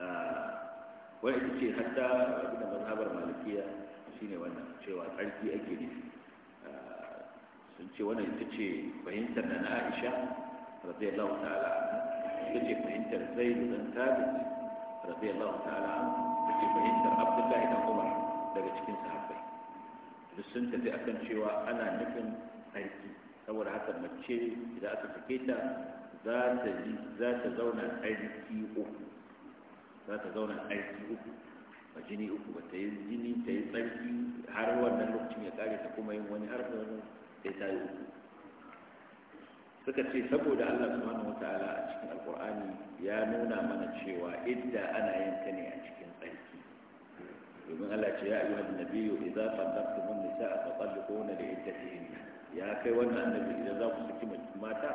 ah, wani ita ce hatta abin da mazhabar malikiya shine wannan cewa tsarki ake nufi ah, sun ce wannan ita ce fahimtar da na aisha radiyallahu ta'ala ita ce fahimtar zaid dan thabit radiyallahu ta'ala ita ce fahimtar abdullahi dan umar daga cikin sahabbai duk sun tafi akan cewa ana nufin tsarki saboda haka mace idan aka sake ta za ta zauna tsarki uku za ta zauna aiki uku ba jini uku ba ta yi jini ta yi tsarki har wannan lokacin ya kare ta kuma yin wani har wani sai ta yi uku suka ce saboda Allah subhanahu wataala a cikin alkur'ani ya nuna mana cewa idda ana yin ta ne a cikin tsarki domin Allah ce ya ayyuhan nabiyyu idza talaqtumun nisaa fatalliquna li iddatihinna ya kai wannan annabi idan za ku saki mata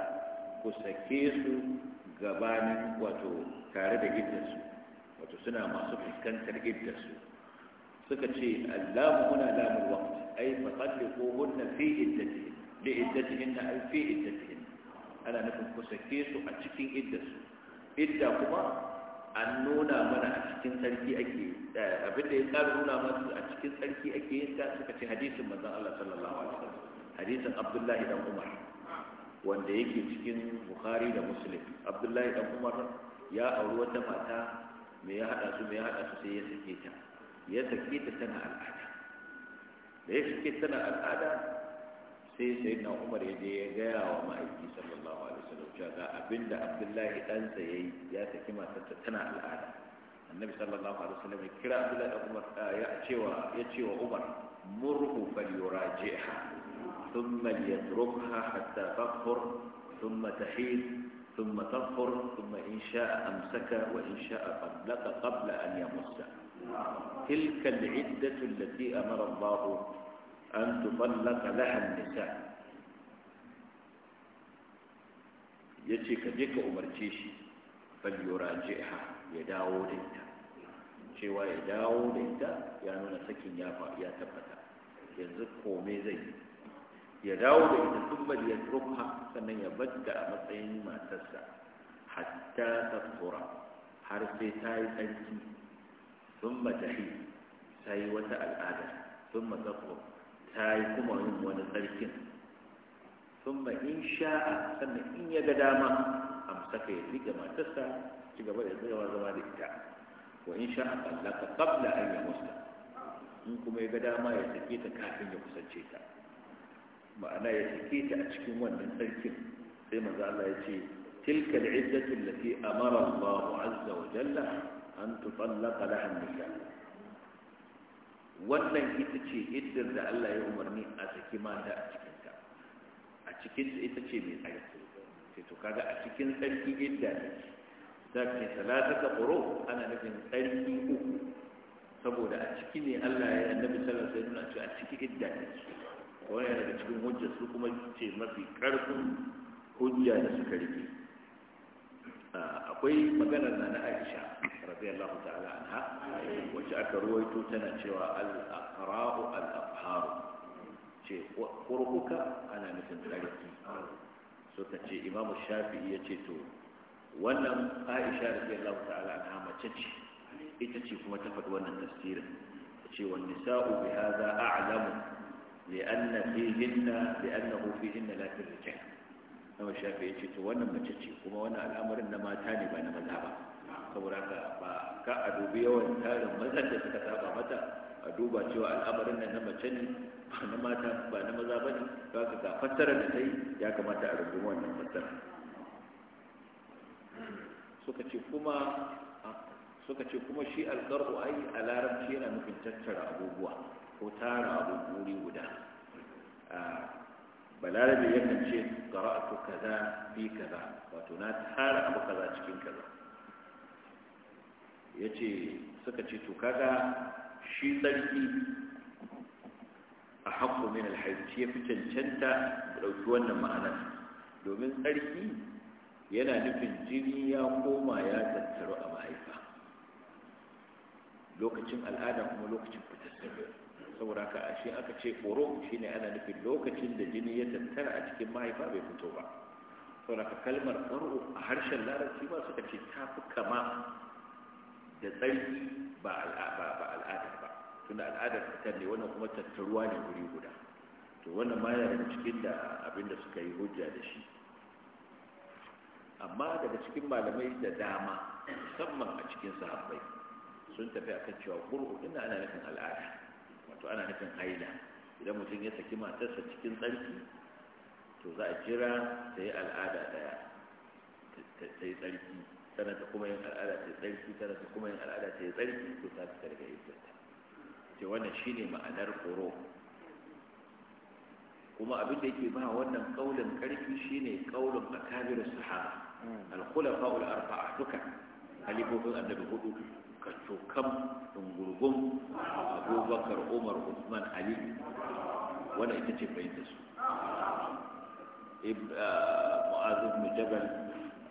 ku sake su gabanin wato tare da iddarsu wato suna masu fuskantar iddarsu suka ce allamu huna lamul waqt ay fatalliquhunna fi iddatihin li iddatihinna ay fi iddatihin ana nufin ku sake su a cikin iddarsu idda kuma an nuna mana a cikin sarki ake eh, abin da ya ƙara nuna mana a cikin sarki ake yin ta suka ce hadisin manzon Allah sallallahu alaihi wasallam hadisin Abdullahi dan Umar wanda yake cikin Bukhari da Muslim Abdullahi dan Umar ya auri wata mata me ya haɗa su me ya haɗa su sai ya sake ta ya sake ta tana al'ada da ya sake tana al'ada sai sai na umar ya je ya gaya wa ma'aiki sallallahu alaihi wasallam cewa ga abinda abdullahi ɗansa ya yi ya saki ta tana al'ada annabi sallallahu alaihi wasallam ya kira abdullahi ɗan umar ya cewa ya cewa umar murhu falyuraji'ha thumma yatrukha hatta tahur thumma tahid ثم تظهر ثم إن شاء أمسك وإن شاء قبلك قبل أن يمس تلك العدة التي أمر الله أن تطلق لها النساء يجي كذلك أمرتيش فليراجعها يداو لنتا شوى يداو لنتا يعني نسكن يا تبتا ينزل قومي زي ya dawo da ita tumbal ya turka sannan ya badda a matsayin matarsa hatta tafura har sai ta yi tsanki sun matahi ta yi wata al'ada sun matsafo ta yi kuma yin wani tsarkin sun ma in sha'a sannan in ya ga dama ka yi riga matarsa ci gaba da tsayawa zama da ita wa in sha'a kallaka qabla an ya musta in kuma ya ga dama ya sake ta kafin ya kusance ta ma'ana ya sake ta a cikin wannan tsarkin sai manzo Allah ya ce tilka al'iddatu allati amara Allah azza wa jalla an tutallaqa laha an-nikah wannan ita ce iddar da Allah ya umarni a saki mata a cikin ta a cikin ta ita ce mai tsarki sai to kaga a cikin tsarki idda ne zaki salatata quru ana nufin tsarki uku saboda a ciki ne Allah ya annabi sallallahu alaihi wasallam ya ce a ciki idda ne wani daga cikin hujjar su kuma ce mafi ƙarfin hujja da suka rike akwai maganar na na aisha radiyallahu ta'ala anha wacce aka ruwaito tana cewa al-aqra'u al-afharu ce kurkuka ana nufin tsarki suka ce imamu shafi'i ya ce to wannan aisha radiyallahu ta'ala anha mace ce ita ce kuma ta faɗi wannan tafsirin ce wan nisa'u bi hadha a'lamu لأن فيهن لأنه فيهن لا ترجع nawa shafi ya ce to wannan mace ce kuma wannan al'amarin na mata ne ba na maza ba saboda ka a dubi yawan tarin mazan da suka saba mata a duba cewa al'amarin na mace ne ba na mata ba na maza ba ne ba ka ga da ya kamata a wannan suka ce kuma shi alƙar'u ai a larabci yana nufin tattara abubuwa ko tara abu wuri guda balarabe yakan ce qara'atu kaza fi kaza wato na tara abu kaza cikin kaza yace suka ce to kaga shi tsarki. a haƙƙo min alhaji ya fi cancanta da ɗauki wannan ma'anar domin tsarki yana nufin jini ya koma ya tattaru a mahaifa lokacin al'ada kuma lokacin fitar saboda ka a shi aka ce ƙoro shine ana nufin lokacin da jini ya tattara a cikin mahaifa bai fito ba saboda ka kalmar ƙoro a harshen larabci ba suka ce ta fi kama da tsarki ba al'adar ba tunda al'adar fitar ne wannan kuma tattaruwa ne guri guda to wannan ma yana cikin da abin da suka yi hujja da shi amma daga cikin malamai da dama musamman a cikin sahabbai sun tafi akan cewa ƙuru ina ana nufin al'ada wato ana nufin haila idan mutum ya saki matarsa cikin tsarki to za a jira ta yi al'ada daya ta yi tsarki tana ta kuma yin al'ada ta yi tsarki tana ta kuma yin al'ada ta yi tsarki to ta fita daga iddarta ce wannan shine ma'anar koro kuma abin da yake ba wannan kaulin karfi shine kaulin akabir sahaba mm. al-khulafa al-arba'a duka halifofin annabi hudu کرچو کم تنگرگم ابو بكر عمر عثمان علي ولا وانا في پیندسو اب آه، معاذ بن جبل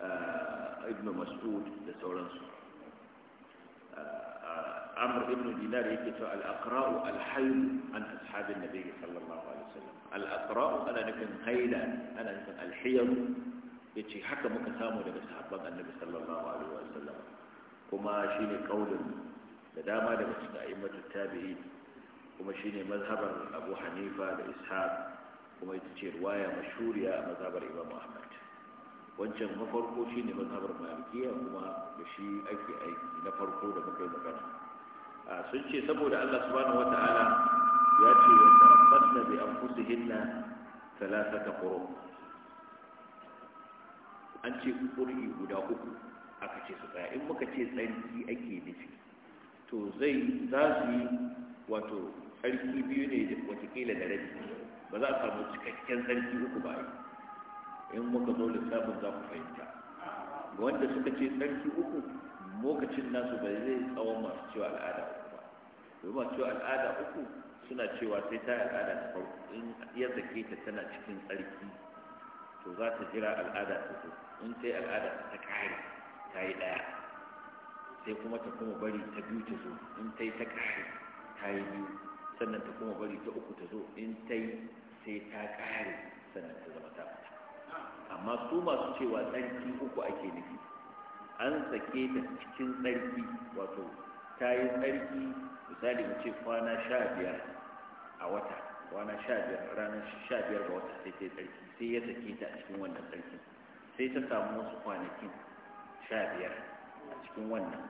آه، ابن مسعود دسولنسو آه، عمر ابن دينار يكتب الأقراء الحلم عن أصحاب النبي صلى الله عليه وسلم الأقراء أنا نكن قيلا أنا نكن الحيض يتشي حكم كثامه لبس النبي صلى الله عليه وسلم kuma shi ne kaulin da dama daga cikin a'immatu tabi'i kuma shi ne mazhabar Abu Hanifa da Ishaq kuma ita ce riwaya mashhuriya a mazhabar Imam Ahmad wancan na shi ne mazhabar Malikiya kuma da shi ake aiki na farko da muka yi magana sun ce saboda Allah subhanahu wataala ya ce wa tarabbasna bi anfusihinna thalathata qurun an ce qur'i guda uku aka ce su tsaya in muka ce tsarki ake nufi to zai za su yi wato tsarki biyu ne watakila da rabi ba za a samu cikakken tsarki uku ba in muka zo lissafin za ku fahimta ga wanda suka ce tsarki uku lokacin nasu ba zai tsawon masu cewa al'ada uku ba domin masu cewa al'ada uku suna cewa sai ta al'ada ta farko in ya zake ta tana cikin tsarki to za ta jira al'ada ta zo in sai al'ada ta kare ta yi ɗaya sai kuma ta kuma bari ta biyu ta zo in ta yi ta ƙare ta yi biyu sannan ta kuma bari ta uku ta zo in ta yi sai ta ƙare sannan ta zama ta fita amma su masu cewa tsarki uku ake nufi an sake ta cikin tsarki wato ta yi tsarki misali mu ce kwana sha biyar a wata kwana sha biyar ranar sha biyar ga wata sai ta yi tsarki sai ya sake ta a cikin wannan tsarkin sai ta samu wasu kwanakin sha biyar a cikin wannan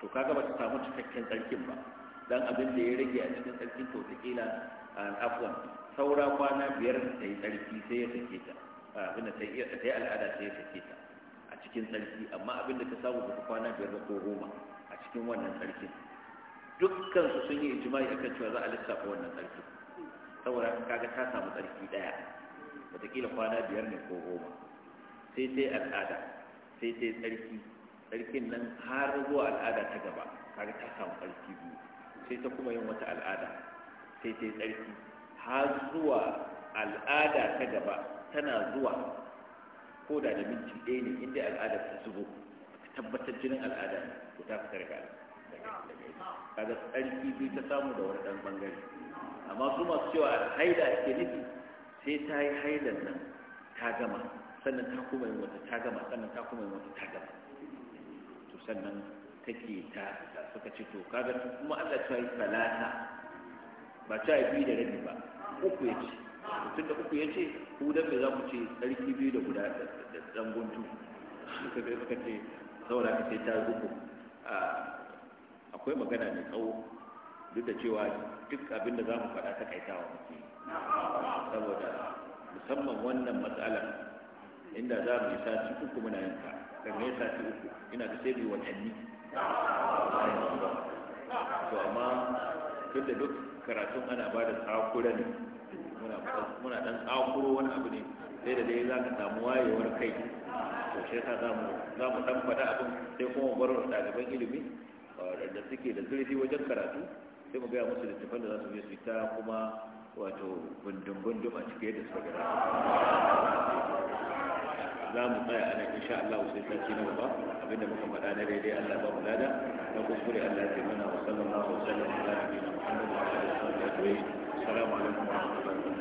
to kaga ba ta samu cikakken tsarkin ba dan abin da ya rage a cikin tsarkin to ta kila afwan saura kwana biyar ta yi tsarki sai ya sake ta abin da ta yi al'ada sai ya sake ta a cikin tsarki amma abin da ta samu ba kwana biyar ba ko goma a cikin wannan tsarkin dukkan su sun yi ijma'i akan cewa za a lissafa wannan tsarkin saboda kaga ta samu tsarki daya kila kwana biyar ne ko goma sai sai al'ada sai sai tsarki tsarkin nan har zuwa al'ada ta gaba har ta samu tsarki biyu sai ta kuma yin wata al'ada sai sai tsarki har zuwa al'ada ta gaba tana zuwa ko da da minti ɗaya ne inda al'ada ta zubo tabbatar jinin al'ada ne ko ta fitar ga kaga tsarki biyu ta samu da wani ɗan bangare amma su masu cewa haida ake nufi sai ta yi haidan nan ta gama sannan ta kuma yin wata ta gama sannan ta kuma yin wata ta gama to sannan take ta ta suka ce to kaga kuma Allah ta yi salata ba ta yi biyu da rabi ba uku ya ce tun da uku ya ce ku da me za mu ce tsarki biyu da guda da dan guntu suka ce suka ce saboda ka sai ta uku akwai magana mai tsawo duk da cewa duk abin da za mu faɗa ta kaitawa muke saboda musamman wannan matsalar inda za mu yi sati uku muna yin ka ne ya sati uku ina ta sai mu watanni to amma duk da duk karatun ana ba da tsakuran ne muna dan tsakuro wani abu ne sai da dai za ka samu wayewar kai to shi yasa za mu dan faɗa abin sai kuma bar ɗaliban ilimi da suke da zurfi wajen karatu sai mu gaya musu littafan da za su je su ta kuma wato gundum-gundum a cikin yadda suka gara za mu tsaya a nan insha Allah sai sati na gaba abinda muka faɗa na daidai Allah ba mu lada na kuskure Allah ya mana wa sallallahu alaihi wa sallam ala nabiyina Muhammad wa ala alihi wa sahbihi assalamu alaikum wa rahmatullahi